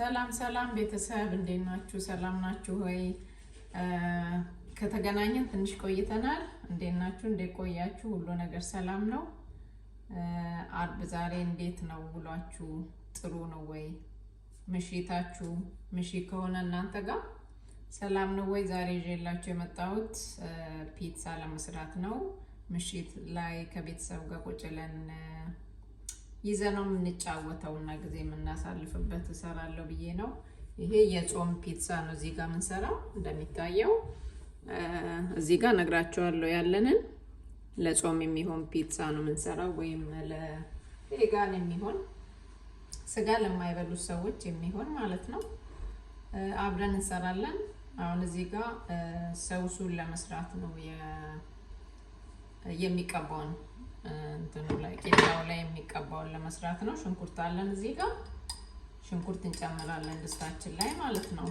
ሰላም ሰላም ቤተሰብ እንዴት ናችሁ? ሰላም ናችሁ ወይ? ከተገናኘን ትንሽ ቆይተናል። እንዴት ናችሁ? እንዴት ቆያችሁ? ሁሉ ነገር ሰላም ነው? አርብ ዛሬ እንዴት ነው ውሏችሁ? ጥሩ ነው ወይ? ምሽታችሁ ምሽ ከሆነ እናንተ ጋር ሰላም ነው ወይ? ዛሬ ይዤላችሁ የመጣሁት ፒትሳ ለመስራት ነው። ምሽት ላይ ከቤተሰብ ጋር ቁጭ ብለን ይዘነው የምንጫወተውና ጊዜ የምናሳልፍበት እሰራለሁ ብዬ ነው። ይሄ የጾም ፒዛ ነው። እዚህ ጋር የምንሰራው እንደሚታየው እዚህ ጋር ነግራቸዋለሁ። ያለንን ለጾም የሚሆን ፒዛ ነው የምንሰራው ወይም ለቬጋን የሚሆን ስጋ ለማይበሉ ሰዎች የሚሆን ማለት ነው። አብረን እንሰራለን። አሁን እዚህ ጋር ሰውሱን ለመስራት ነው የሚቀባውን እንትኑ ላይ ቂጣው ላይ የሚቀባውን ለመስራት ነው። ሽንኩርት አለን እዚህ ጋር ሽንኩርት እንጨምራለን ድስታችን ላይ ማለት ነው።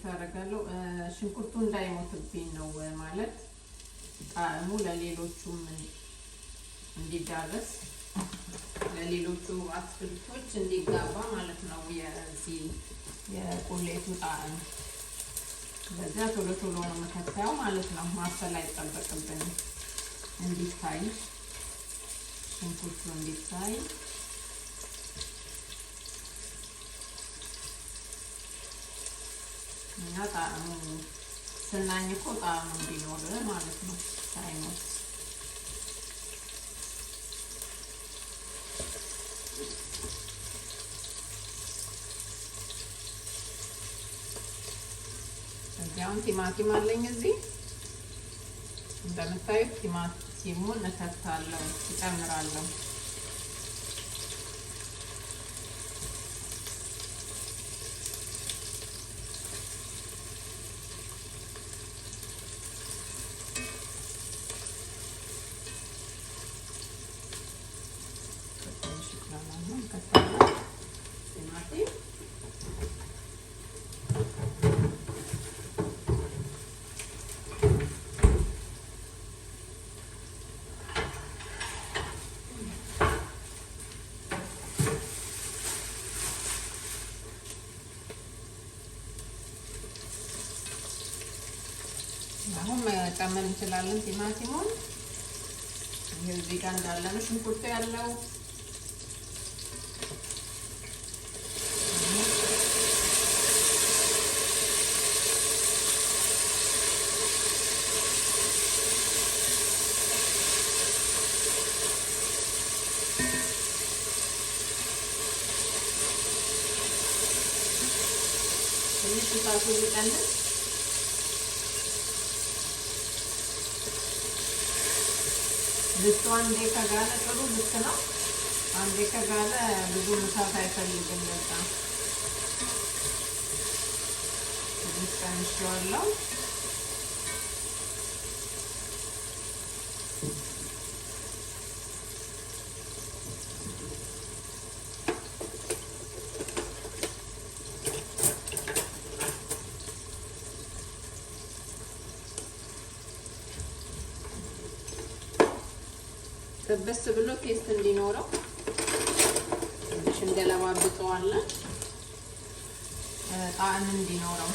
እንደዚህ አደርጋለሁ። ሽንኩርቱ እንዳይሞትብኝ ነው ማለት ጣዕሙ ለሌሎቹም እንዲዳረስ ለሌሎቹ አትክልቶች እንዲጋባ ማለት ነው። የዚህ የቁሌቱ ጣዕም በዚያ ቶሎ ቶሎ ነው መከታየው ማለት ነው። ማሰል አይጠበቅብን እንዲታይ ሽንኩርቱ እንዲታይ እና ጣዕሙ ስናኝ እኮ ጣዕሙ እንዲኖር ማለት ነው። ሳይሞት እዚያውን ቲማቲም አለኝ እዚህ እንደምታዩት ቲማቲሙን እከታለሁ፣ እጨምራለሁ አሁን መቀመም እንችላለን። ቲማቲሙን ይሄ እዚህ ጋር እንዳለ ሽንኩርቱ ያለው ትንሽ አንዴ ከጋለ ጥሩ ልክ ነው። አንዴ ከጋለ ብዙ ምሳት አይፈልግም። በጣም ትንሽ ደስ ብሎ ቴስት እንዲኖረው ትንሽ እንገለባብጠዋለን ጣዕም እንዲኖረው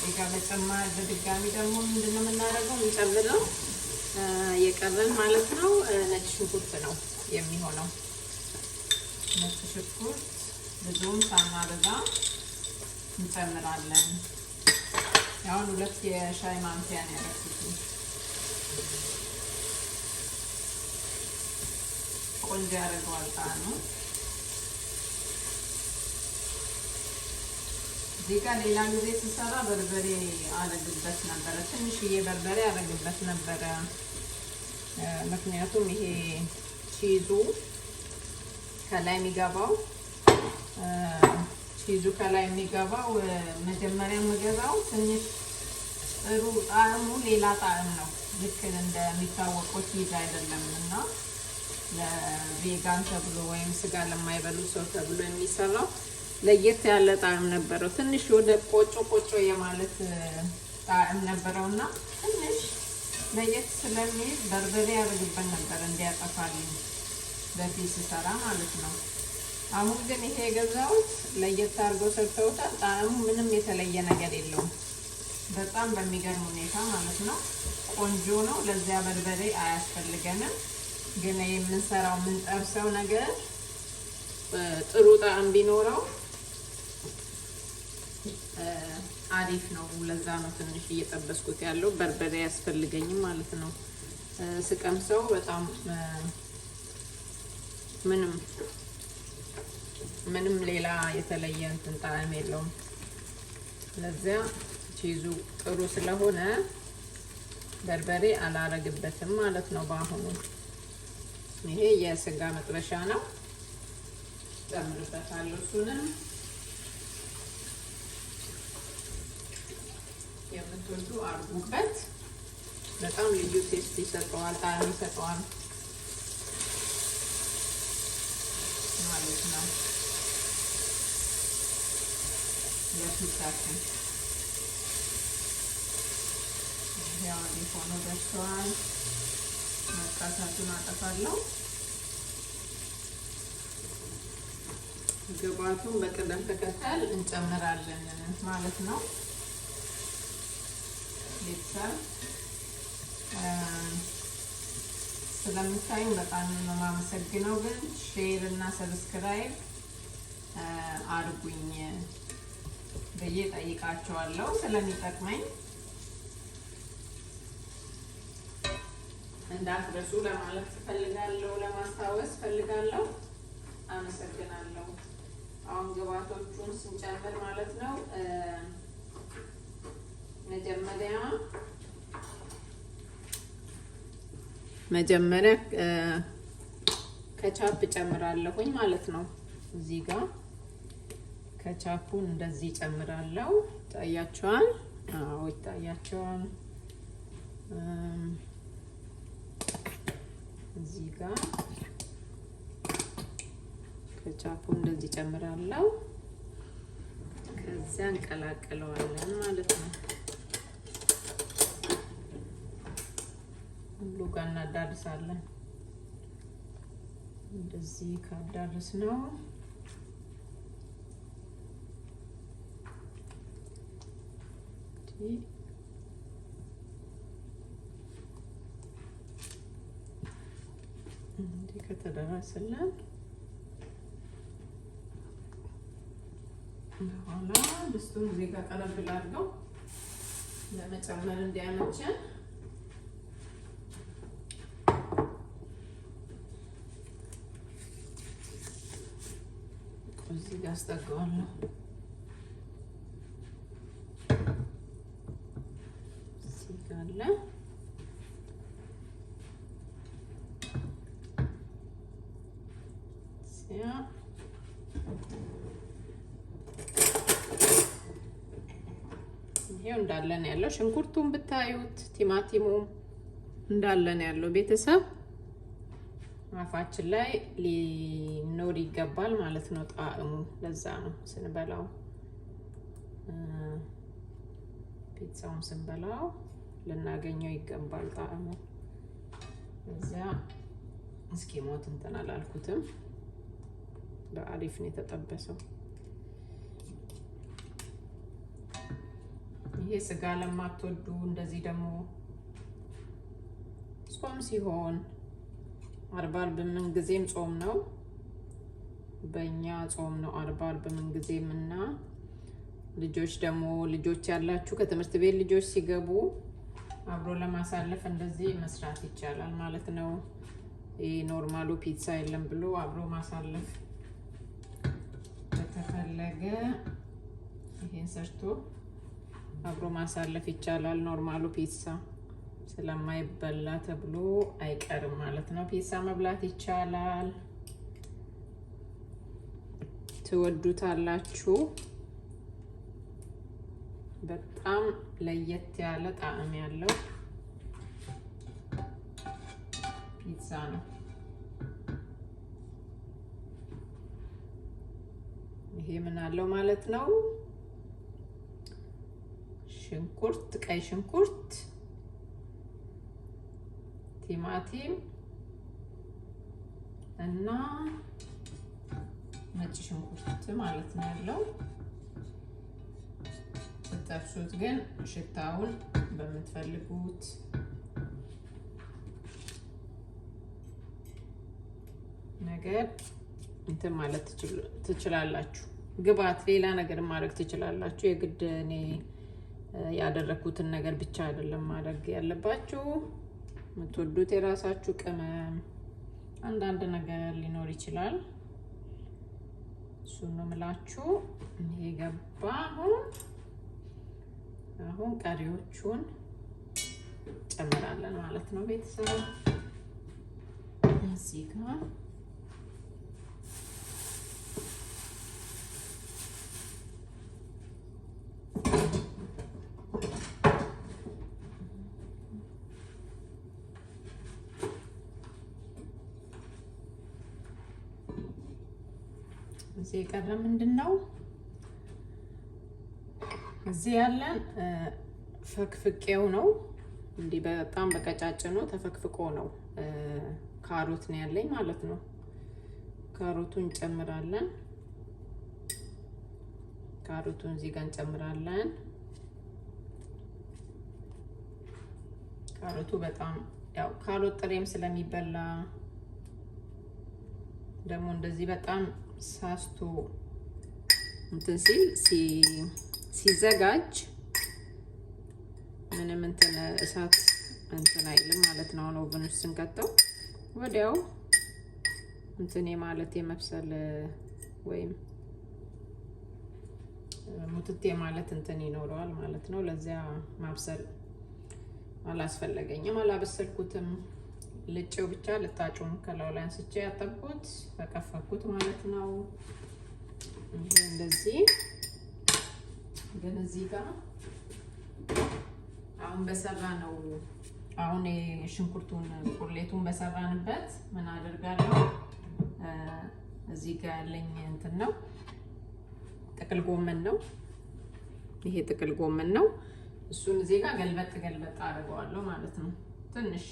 እዚህ ጋር በጨማር በድጋሚ ደግሞ ምንድን ነው የምናደርገው? የምንጨምረው የቀረን ማለት ነው ነጭ ሽንኩርት ነው የሚሆነው። ነጭ ሽንኩርት ብዙም ሳናበዛ እንጨምራለን። አሁን ሁለት የሻይ ማንኪያ ነው ያደረኩት። ቆንጆ ያደርገዋል ጣዕሙ ነው እዚህ ሌላ ጊዜ ስሰራ በርበሬ አረግበት ነበረ፣ ትንሽዬ በርበሬ አረግበት ነበረ። ምክንያቱም ይሄ ቺዙ ከላይ የሚገባው ቺዙ ከላይ የሚገባው መጀመሪያ የምገባው ትንሽ ጥሩ ጣዕሙ ሌላ ጣዕም ነው። ልክ እንደሚታወቀው ቺዝ አይደለም እና ለቬጋን ተብሎ ወይም ስጋ ለማይበሉ ሰው ተብሎ የሚሰራው ለየት ያለ ጣዕም ነበረው። ትንሽ ወደ ቆጮ ቆጮ የማለት ጣዕም ነበረው እና ትንሽ ለየት ስለሚል በርበሬ ያደርግበት ነበር እንዲያጠፋልኝ በፊት ስሰራ ማለት ነው። አሁን ግን ይሄ የገዛሁት ለየት አድርጎ ሰርተውታል። ጣዕሙ ምንም የተለየ ነገር የለውም። በጣም በሚገርም ሁኔታ ማለት ነው። ቆንጆ ነው። ለዚያ በርበሬ አያስፈልገንም። ግን የምንሰራው የምንጠብሰው ነገር ጥሩ ጣዕም ቢኖረው አሪፍ ነው። ለዛ ነው ትንሽ እየጠበስኩት ያለው በርበሬ አያስፈልገኝም ማለት ነው። ስቀምሰው በጣም ምንም ምንም ሌላ የተለየ እንትን ጣዕም የለውም። ለዚያ ቺዙ ጥሩ ስለሆነ በርበሬ አላረግበትም ማለት ነው። በአሁኑ ይሄ የስጋ መጥበሻ ነው። ጨምርበታለሁ እሱንም ብዙ አድርጉበት። በጣም ልዩ ቴስት ይሰጠዋል፣ ጣዕም ይሰጠዋል ማለት ነው። የፊታችን ያው ሆኖ ደርሰዋል። መቃሳቱን አጠፋለሁ። ግብአቱን በቅደም ተከተል እንጨምራለን ማለት ነው። ቤተሰብ ስለምታዩ በጣም ነው የማመሰግነው። ግን ሼር እና ሰብስክራይብ አድርጉኝ ብዬ ጠይቃቸዋለሁ ስለሚጠቅመኝ እንዳትረሱ ለማለት ፈልጋለሁ፣ ለማስታወስ ፈልጋለሁ። አመሰግናለሁ። አሁን ግብአቶቹን ስንጨምር ማለት መጀመሪያ መጀመሪያ ከቻፕ ጨምራለሁኝ ማለት ነው። እዚህ ጋር ከቻፑን እንደዚህ ጨምራለሁ። ይታያችኋል? አዎ ይታያችኋል። እዚህ ጋር ከቻፑ እንደዚህ ጨምራለሁ። ከዚያ እንቀላቅለዋለን ማለት ነው። ሁሉ ጋር እናዳርሳለን። እንደዚህ ካዳርስ ነው እንዲህ ከተደረስልን በኋላ ድስቱን እዚህ ጋር ቀለል አድርገው ለመጨመር እንዲያመችን la sta gonna sigalla sì. ይሄው እንዳለ ነው ያለው። ሽንኩርቱን ብታዩት ቲማቲሙም እንዳለ ነው ያለው ቤተሰብ አፋችን ላይ ሊኖር ይገባል ማለት ነው ጣዕሙ። ለዛ ነው ስንበላው ፒዛውን ስንበላው ልናገኘው ይገባል ጣዕሙ። እዚያ እስኪ ሞት እንትን አላልኩትም። በአሪፍ ነው የተጠበሰው። ይሄ ስጋ ለማትወዱ እንደዚህ ደግሞ ጾም ሲሆን አርባ አርብ ጊዜም ጾም ነው። በእኛ ጾም ነው አርባ አርብ ጊዜም እና ልጆች ደግሞ ልጆች ያላችሁ ከትምህርት ቤት ልጆች ሲገቡ አብሮ ለማሳለፍ እንደዚህ መስራት ይቻላል ማለት ነው። ይሄ ኖርማሉ ፒዛ የለም ብሎ አብሮ ማሳለፍ ከተፈለገ ይሄን ሰርቶ አብሮ ማሳለፍ ይቻላል። ኖርማሉ ፒዛ ስለማይበላ ተብሎ አይቀርም ማለት ነው። ፒሳ መብላት ይቻላል። ትወዱታላችሁ። በጣም ለየት ያለ ጣዕም ያለው ፒዛ ነው። ይሄ ምን አለው ማለት ነው? ሽንኩርት፣ ቀይ ሽንኩርት ቲማቲም እና ነጭ ሽንኩርት ማለት ነው ያለው። ስትጠብሱት ግን ሽታውን በምትፈልጉት ነገር እንትን ማለት ትችላላችሁ። ግብአት ሌላ ነገር ማድረግ ትችላላችሁ። የግድ እኔ ያደረግኩትን ነገር ብቻ አይደለም ማድረግ ያለባችሁ። የምትወዱት የራሳችሁ ቅመም፣ አንዳንድ ነገር ሊኖር ይችላል። እሱን ነው የምላችሁ። ይሄ ገባ። አሁን አሁን ቀሪዎቹን ጨምራለን ማለት ነው ቤተሰብ እዚህ ጋር የቀረ ምንድን ነው? እዚህ ያለን ፈክፍቄው ነው እንዲህ በጣም በቀጫጭኑ ተፈክፍቆ ነው። ካሮት ነው ያለኝ ማለት ነው። ካሮቱን እንጨምራለን። ካሮቱን እዚህ ጋር እንጨምራለን። ካሮቱ በጣም ያው ካሮት ጥሬም ስለሚበላ ደግሞ እንደዚህ በጣም ሳስቶ እንትን ሲል ሲዘጋጅ ምንም እንትን እሳት እንትን አይልም ማለት ነው። አሁን ኦቨን ውስጥ ስንከተው ወዲያው እንትን ማለት የመብሰል ወይም ሙትቴ ማለት እንትን ይኖረዋል ማለት ነው። ለዚያ ማብሰል አላስፈለገኝም፣ አላበሰልኩትም። ልጭው ብቻ ልታጩን ከላው ላይ አንስቼ ያጠብኩት ተከፈኩት ማለት ነው። እንደዚህ ግን እዚህ ጋር አሁን በሰራ ነው። አሁን የሽንኩርቱን ቁሌቱን በሰራንበት ምን አደርጋለሁ? እዚህ ጋር ያለኝ እንትን ነው ጥቅል ጎመን ነው። ይሄ ጥቅል ጎመን ነው። እሱን እዚህ ጋር ገልበጥ ገልበጥ አድርገዋለሁ ማለት ነው ትንሽ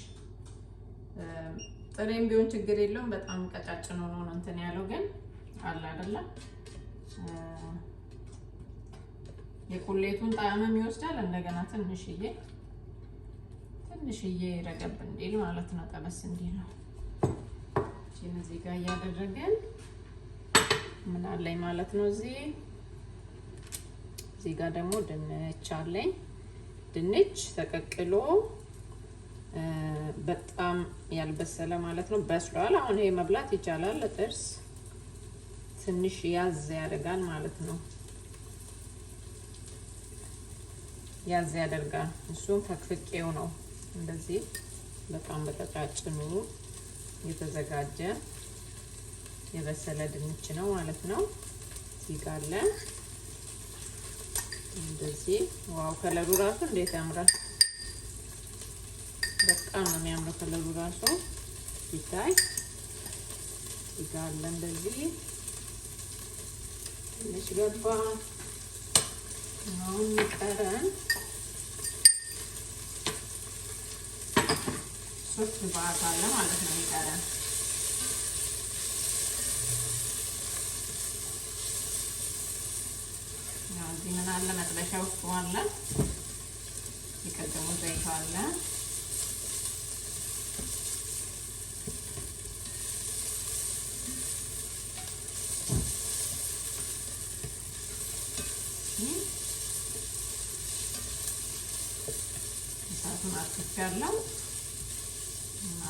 ጥሬም ቢሆን ችግር የለውም። በጣም ቀጫጭን ሆኖ ነው እንትን ያለው ግን አለ አይደለም የቁሌቱን ጣዕምም ይወስዳል። እንደገና ትንሽዬ ትንሽዬ ረገብ እንዲል ማለት ነው፣ ጠበስ እንዲል ነው። እቺን እዚህ ጋር እያደረግን ምን አለኝ ማለት ነው። እዚህ እዚህ ጋር ደግሞ ድንች አለኝ። ድንች ተቀቅሎ በጣም ያልበሰለ ማለት ነው። በስሏል። አሁን ይሄ መብላት ይቻላል። ለጥርስ ትንሽ ያዝ ያደርጋል ማለት ነው። ያዝ ያደርጋል። እሱም ፈቅፍቄው ነው እንደዚህ በጣም በቀጫጭኑ የተዘጋጀ የበሰለ ድንች ነው ማለት ነው። ይጋለ እንደዚህ ዋው! ከለሩ ራሱ እንዴት ያምራል! በጣም ነው የሚያምረው ከለሩ ራሱ ሲታይ ይጋለ እንደዚህ ትንሽ ገባ። አሁን ቀረን ሶስት ግብአት አለ ማለት ነው ይቀረን እዚህ ምን አለ መጥበሻ ውስጥ አለ የቀደሙ ዘይት አለ ነው።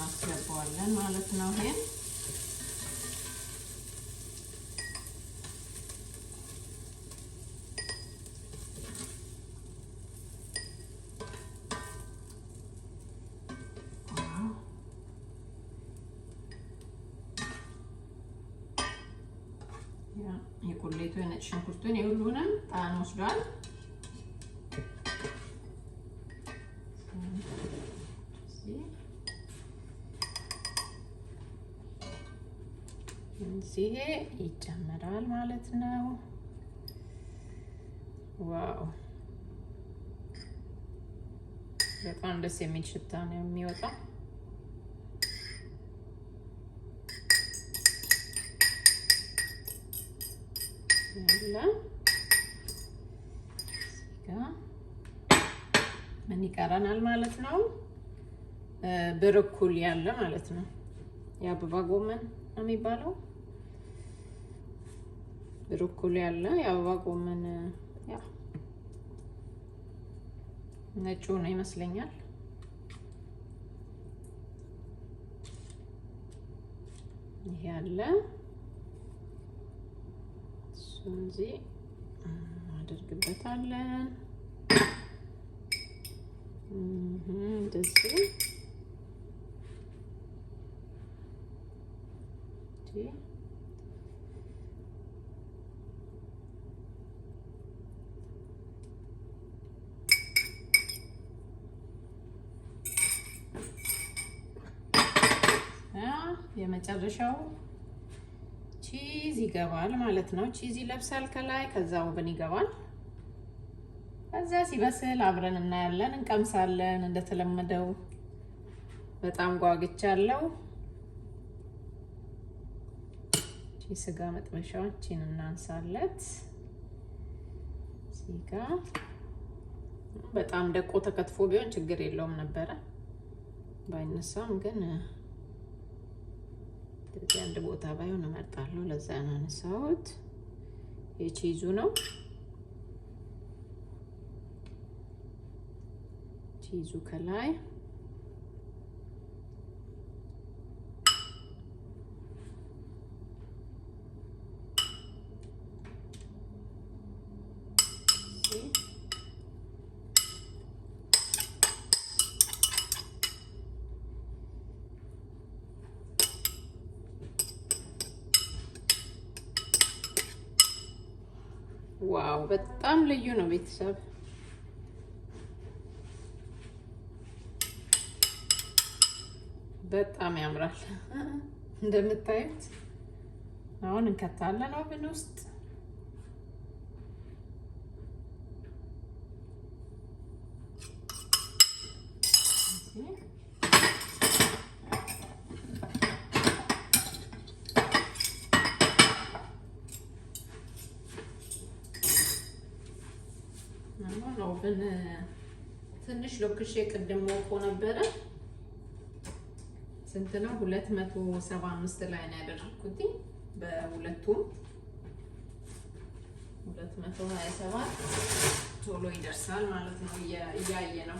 አስገባዋለን ማለት ነው። ይሄን የቁሌቱ የነጭ ሽንኩርቱን የሁሉንም ጣዕም ወስዷል። እዚህ ይጨመራል ማለት ነው። ዋው በጣም ደስ የሚል ሽታ ነው የሚወጣው። ምን ይቀረናል ማለት ነው? ብርኩል ያለ ማለት ነው። የአበባ ጎመን ነው የሚባለው። ብሮኮሊ አለ፣ የአበባ ጎመን ያ ነጩ ነው ይመስለኛል። ይሄ ያለ እሱን እዚህ እናደርግበታለን። እንደዚህ የመጨረሻው ቺዝ ይገባል ማለት ነው። ቺዝ ይለብሳል ከላይ፣ ከዛ ውብን ይገባል። ከዛ ሲበስል አብረን እናያለን፣ እንቀምሳለን። እንደተለመደው በጣም ጓግቻለሁ። የስጋ መጥበሻዎችን እናንሳለት። ስጋ በጣም ደቆ ተከትፎ ቢሆን ችግር የለውም ነበረ ባይነሳም ግን እንደዚህ አንድ ቦታ ባይሆን እመርጣለሁ። ለዛ ነው ያነሳሁት። የቺዙ ነው ቺዙ ከላይ ዋው በጣም ልዩ ነው ቤተሰብ። በጣም ያምራል እንደምታዩት። አሁን እንከታለን ኦቨን ውስጥ ነው ትንሽ ሎክሼ ቅድም ሞቆ ነበረ። ስንት ነው? ሁለት መቶ ሰባ አምስት ላይ ነው ያደረኩት። በሁለቱም ሁለት ቶሎ ይደርሳል ማለት ነው። እያየ ነው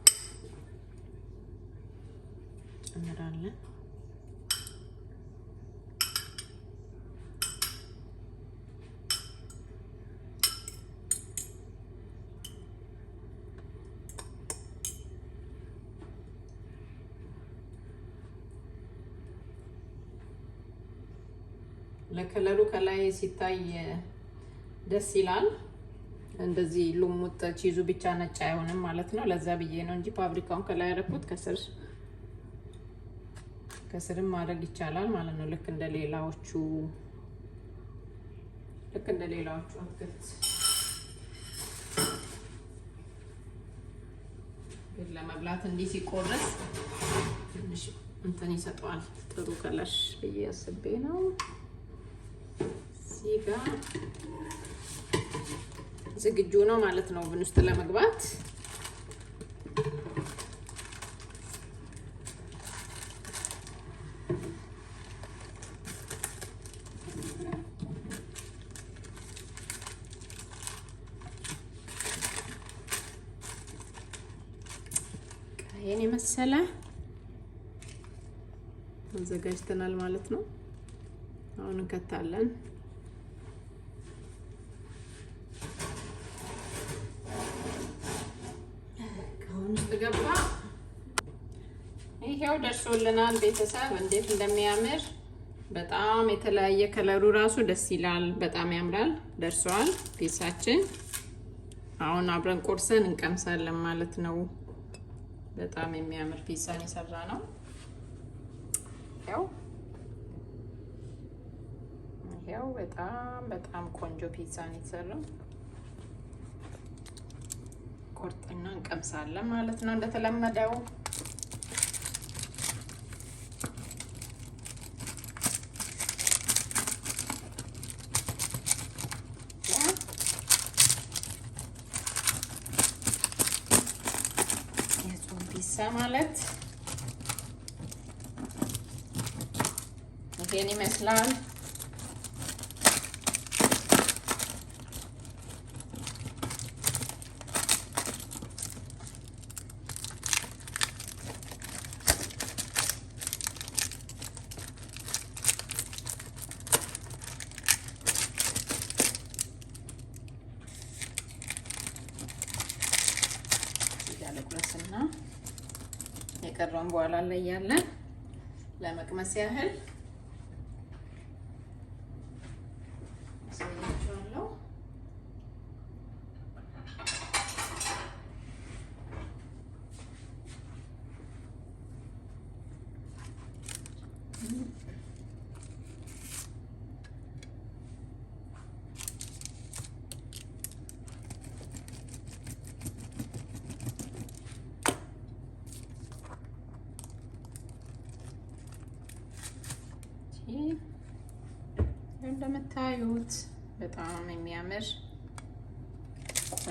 ላይ ሲታይ ደስ ይላል። እንደዚህ ሉሙጥ ቺዙ ብቻ ነጭ አይሆንም ማለት ነው። ለዛ ብዬ ነው እንጂ ፋብሪካውን ከላይ ያደረኩት ከስር ከስርም ማድረግ ይቻላል ማለት ነው። ልክ እንደ ሌላዎቹ ልክ እንደ ሌላዎቹ አትክልት ለመብላት እንዲህ ሲቆረስ ትንሽ እንትን ይሰጠዋል። ጥሩ ከለር ብዬ አስቤ ነው። እዚህ ጋር ዝግጁ ነው ማለት ነው ብን ውስጥ ለመግባት ይህን የመሰለ አዘጋጅተናል ማለት ነው። አሁን እንከታለን። ደርሶልናል ቤተሰብ እንዴት እንደሚያምር በጣም የተለያየ ከለሩ ራሱ ደስ ይላል። በጣም ያምራል። ደርሰዋል ፒሳችን። አሁን አብረን ቆርሰን እንቀምሳለን ማለት ነው። በጣም የሚያምር ፒሳን የሰራ ነው። ያው ያው በጣም በጣም ቆንጆ ፒሳን የተሰራው ቆርጥና እንቀምሳለን ማለት ነው እንደተለመደው ማለት ይሄን ይመስላል። ያለቁረስና የቀረውን በኋላ ላይ ያለን ለመቅመስ ያህል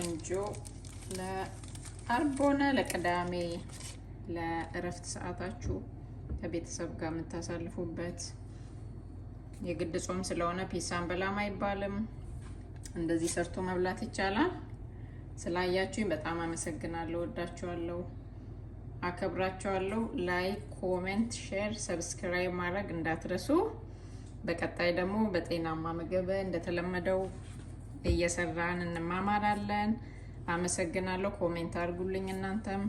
ቆንጆ ለአርብ ሆነ ለቅዳሜ ለእረፍት ሰዓታችሁ ከቤተሰብ ጋር የምታሳልፉበት የግድ ጾም ስለሆነ ፒሳን በላም አይባልም። እንደዚህ ሰርቶ መብላት ይቻላል። ስላያችሁኝ በጣም አመሰግናለሁ። ወዳችኋለሁ፣ አከብራችኋለሁ። ላይክ፣ ኮሜንት፣ ሼር፣ ሰብስክራይብ ማድረግ እንዳትረሱ። በቀጣይ ደግሞ በጤናማ ምግብ እንደተለመደው እየሰራን እንማማራለን። አመሰግናለሁ። ኮሜንት አድርጉልኝ እናንተም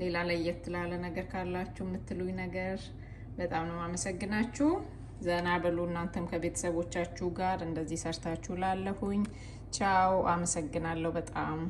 ሌላ ለየት ላለ ነገር ካላችሁ የምትሉኝ ነገር በጣም ነው አመሰግናችሁ። ዘና በሉ እናንተም ከቤተሰቦቻችሁ ጋር እንደዚህ ሰርታችሁ ላለሁኝ። ቻው፣ አመሰግናለሁ በጣም